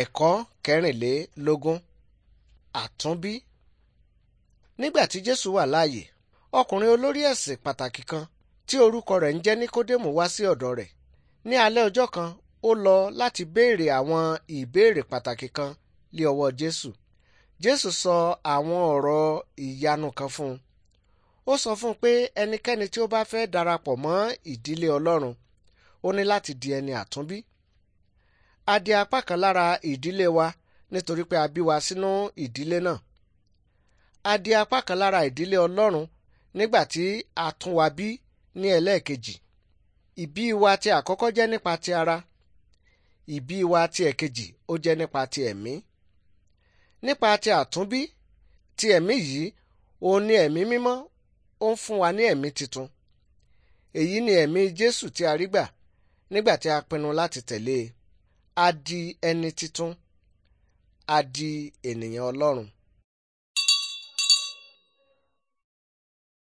ẹ̀kọ́ kẹrìnlélógún àtúnbí nígbà tí jésù wà láàyè ọkùnrin olórí ẹ̀sìn pàtàkì kan tí orúkọ rẹ̀ ń jẹ́ níkódémù wá sí ọ̀dọ̀ rẹ̀ ní alẹ́ ọjọ́ kan ó lọ láti béèrè àwọn ìbéèrè pàtàkì kan lé ọwọ́ jésù jésù sọ àwọn ọ̀rọ̀ ìyanu kan fún un ó sọ fún un pé ẹnikẹ́ni tí ó bá fẹ́ darapọ̀ mọ́ ìdílé ọlọ́run ó ní láti di ẹni àtúnbí a di apá kan lára ìdílé wa nítorí pé a bí wa sínú ìdílé náà a di apá kan lára ìdílé Ọlọ́run nígbà tí a tún wa bí ní ẹlẹ́ẹ̀kejì ìbí wa ti àkọ́kọ́ jẹ́ nípa ti ara ìbí wa ti ẹ̀kejì ó jẹ́ nípa ti ẹ̀mí nípa ti àtúnbí ti ẹ̀mí yìí òun ni ẹ̀mí mímọ́ ó ń fún wa ní ẹ̀mí titun èyí ni ẹ̀mí Jésù tí a rí gbà nígbà tí a pinnu láti tẹ̀lé e a di ẹni titun a di ènìyàn Ọlọ́run